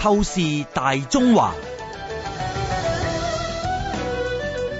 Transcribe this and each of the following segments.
透視大中華，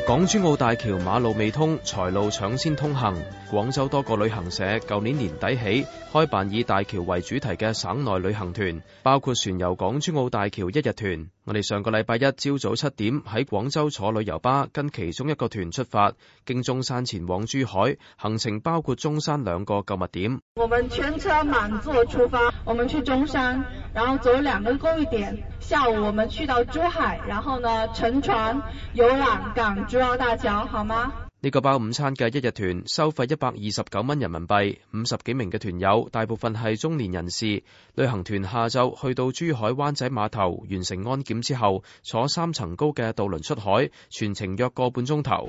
港珠澳大橋馬路未通，財路搶先通行。廣州多個旅行社舊年年底起開辦以大橋為主題嘅省內旅行團，包括船遊港珠澳大橋一日團。我哋上個禮拜一朝早七點喺廣州坐旅遊巴巴，跟其中一個團出發，經中山前往珠海，行程包括中山兩個購物點。我們全車滿座出發，我們去中山。然後走兩個購物點，下午我們去到珠海，然後呢乘船遊覽港珠澳大橋，好嗎？呢個包午餐嘅一日團收費一百二十九蚊人民幣，五十幾名嘅團友大部分係中年人士。旅行團下晝去到珠海灣仔碼頭完成安檢之後，坐三層高嘅渡輪出海，全程約個半鐘頭。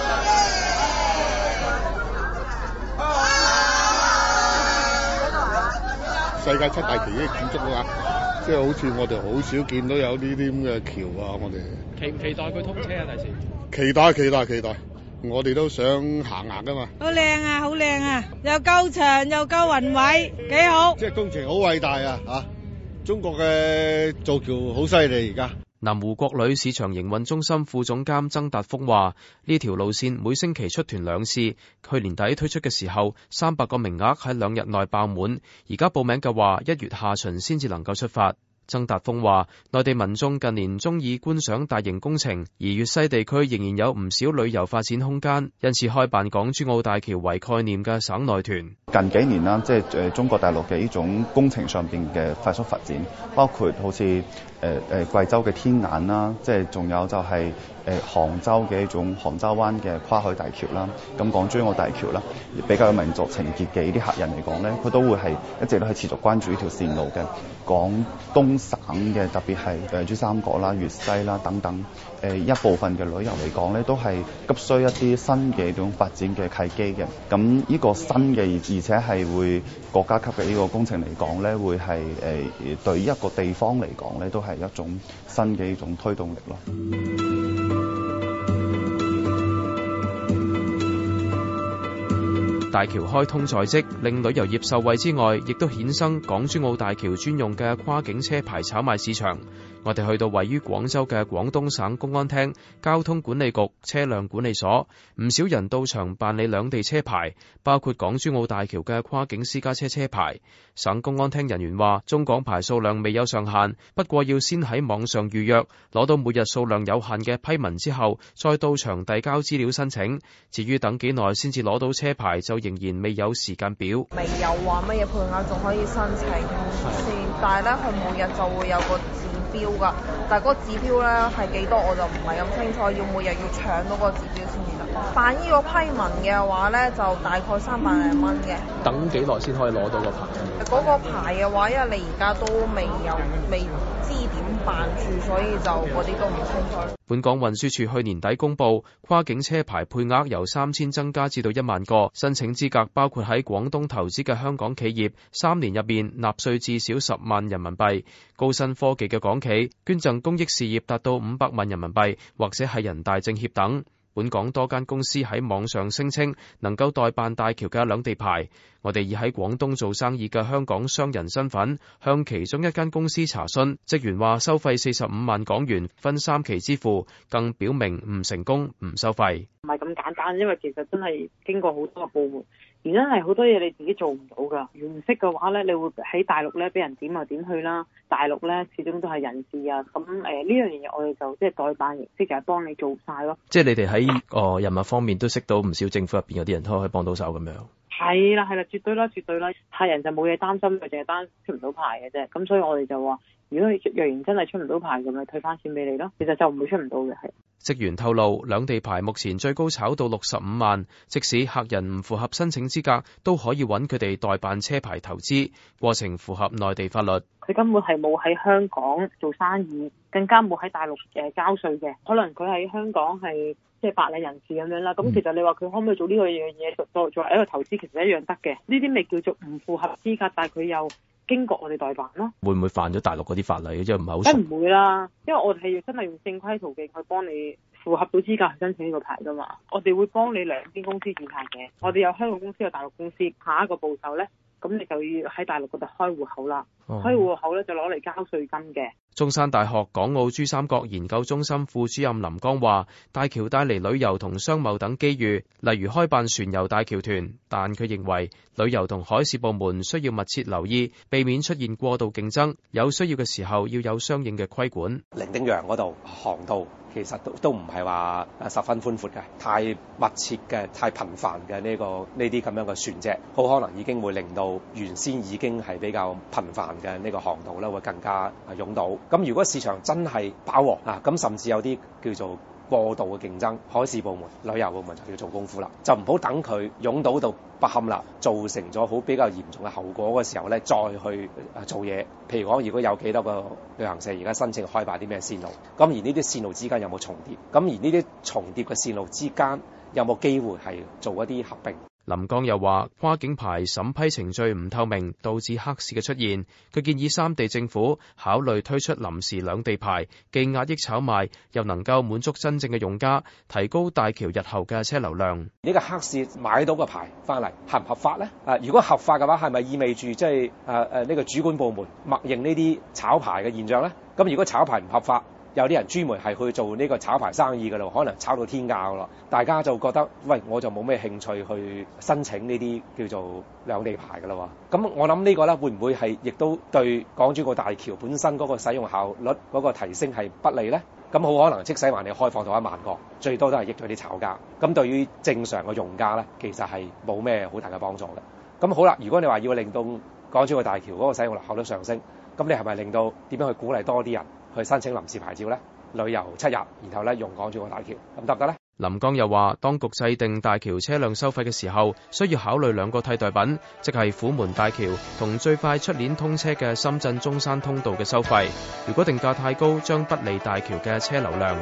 世界七大奇蹟建築啊嘛，即係好似我哋好少見到有呢啲咁嘅橋啊，我哋期唔期待佢通車啊？第時期待期待期待，我哋都想行行啊嘛。好靚啊，好靚啊，又夠長又夠宏偉，幾好。即係工程好偉大啊！吓、啊，中國嘅造橋好犀利而家。南湖國旅市場營運中心副總監曾達峰話：呢條路線每星期出團兩次，去年底推出嘅時候，三百個名額喺兩日內爆滿，而家報名嘅話，一月下旬先至能夠出發。曾達峰話：內地民眾近年中意觀賞大型工程，而粵西地區仍然有唔少旅遊發展空間，因此開辦港珠澳大橋為概念嘅省內團。近幾年啦，即係誒中國大陸嘅呢種工程上邊嘅快速發展，包括好似誒誒貴州嘅天眼啦，即係仲有就係、是、誒、呃、杭州嘅一種杭州灣嘅跨海大橋啦，咁港珠澳大橋啦，比較有民族情結嘅呢啲客人嚟講咧，佢都會係一直都係持續關注呢條線路嘅港東。省嘅特別係誒珠三角啦、粵西啦等等誒一部分嘅旅遊嚟講咧，都係急需一啲新嘅一種發展嘅契機嘅。咁呢個新嘅，而且係會國家級嘅呢個工程嚟講咧，會係誒對一個地方嚟講咧，都係一種新嘅一種推動力咯。大橋開通在即，令旅遊業受惠之外，亦都衍生港珠澳大橋專用嘅跨境車牌炒賣市場。我哋去到位於廣州嘅廣東省公安廳交通管理局車輛管理所，唔少人到場辦理兩地車牌，包括港珠澳大橋嘅跨境私家車車牌。省公安廳人員話中港牌數量未有上限，不過要先喺網上預約攞到每日數量有限嘅批文之後再到場遞交資料申請，至於等幾耐先至攞到車牌，就仍然未有時間表。未有話乜嘢配額仲可以申請先，但係咧，佢每日就會有個。標㗎，但係個指標咧係幾多我就唔係咁清楚，要每日要搶到嗰個指標先至得。辦依個批文嘅話咧，就大概三百零蚊嘅。等幾耐先可以攞到個牌？嗰個牌嘅話，因為你而家都未有未有。知點辦住，所以就嗰啲都唔清楚。本港運輸署去年底公布，跨境車牌配額由三千增加至到一萬個，申請資格包括喺廣東投資嘅香港企業，三年入面納稅至少十萬人民幣，高新科技嘅港企，捐贈公益事業達到五百萬人民幣，或者係人大政協等。本港多間公司喺網上聲稱能夠代辦大橋嘅兩地牌，我哋以喺廣東做生意嘅香港商人身份向其中一間公司查詢，職員話收費四十五萬港元，分三期支付，更表明唔成功唔收費。唔係咁簡單，因為其實真係經過好多個部門。原因係好多嘢你自己做唔到噶，唔識嘅話咧，你會喺大陸咧俾人點又點去啦。大陸咧始終都係人事啊，咁誒呢樣嘢我哋就即係代辦形式，就係幫你做晒咯。即係你哋喺哦人物方面都識到唔少政府入邊有啲人，都可以幫到手咁樣。係啦係啦，絕對啦絕對啦，客人就冇嘢擔心佢淨係單出唔到牌嘅啫。咁所以我哋就話，如果你若然真係出唔到牌，咁咪退翻錢俾你咯。其實就唔會出唔到嘅係。職員透露，兩地牌目前最高炒到六十五萬，即使客人唔符合申請資格，都可以揾佢哋代辦車牌投資，過程符合內地法律。佢根本係冇喺香港做生意。更加冇喺大陸誒交稅嘅，可能佢喺香港係即係白領人士咁樣啦。咁、嗯、其實你話佢可唔可以做呢個樣嘢做作為一個投資，其實一樣得嘅。呢啲咪叫做唔符合資格，但係佢又經過我哋代辦咯、啊。會唔會犯咗大陸嗰啲法例即係唔係好？梗唔會啦，因為我哋係真係用正規途徑去幫你符合到資格去申請呢個牌噶嘛。我哋會幫你兩邊公司轉牌嘅。我哋有香港公司有大陸公司，下一個步驟咧。咁你就要喺大陸嗰度開戶口啦，開戶口咧就攞嚟交稅金嘅。中山大學港澳珠三角研究中心副主任林江話，大橋帶嚟旅遊同商貿等機遇，例如開辦船遊大橋團。但佢認為，旅遊同海事部門需要密切留意，避免出現過度競爭。有需要嘅時候要有相應嘅規管。伶仃洋嗰度航道。其實都都唔係話啊十分寬闊嘅，太密切嘅、太頻繁嘅呢個呢啲咁樣嘅船隻，好可能已經會令到原先已經係比較頻繁嘅呢個航道咧，會更加啊擁堵。咁如果市場真係飽和啊，咁甚至有啲叫做過度嘅競爭，海事部門、旅遊部門就要做功夫啦，就唔好等佢擁堵到不堪啦，造成咗好比較嚴重嘅後果嘅時候咧，再去做嘢。譬如講，如果有幾多個旅行社而家申請開辦啲咩線路，咁而呢啲線路之間有冇重疊，咁而呢啲重疊嘅線路之間有冇機會係做一啲合併？林江又話跨境牌審批程序唔透明，導致黑市嘅出現。佢建議三地政府考慮推出臨時兩地牌，既壓抑炒賣，又能夠滿足真正嘅用家，提高大橋日後嘅車流量。呢個黑市買到個牌翻嚟，合唔合法呢？啊，如果合法嘅話，係咪意味住即係誒誒呢個主管部門默認呢啲炒牌嘅現象呢？咁如果炒牌唔合法，有啲人專門係去做呢個炒牌生意嘅咯，可能炒到天價嘅咯，大家就覺得，喂，我就冇咩興趣去申請呢啲叫做兩地牌嘅咯。咁我諗呢個咧，會唔會係亦都對港珠澳大橋本身嗰個使用效率嗰個提升係不利咧？咁好可能即使話你開放到一萬個，最多都係益咗啲炒家，咁對於正常嘅用家咧，其實係冇咩好大嘅幫助嘅。咁好啦，如果你話要令到港珠澳大橋嗰個使用效率上升，咁你係咪令到點樣去鼓勵多啲人？去申請臨時牌照咧，旅遊出入，然後咧，用港珠澳大橋，咁得唔得咧？林江又話，當局制定大橋車輛收費嘅時候，需要考慮兩個替代品，即係虎門大橋同最快出年通車嘅深圳中山通道嘅收費。如果定價太高，將不利大橋嘅車流量。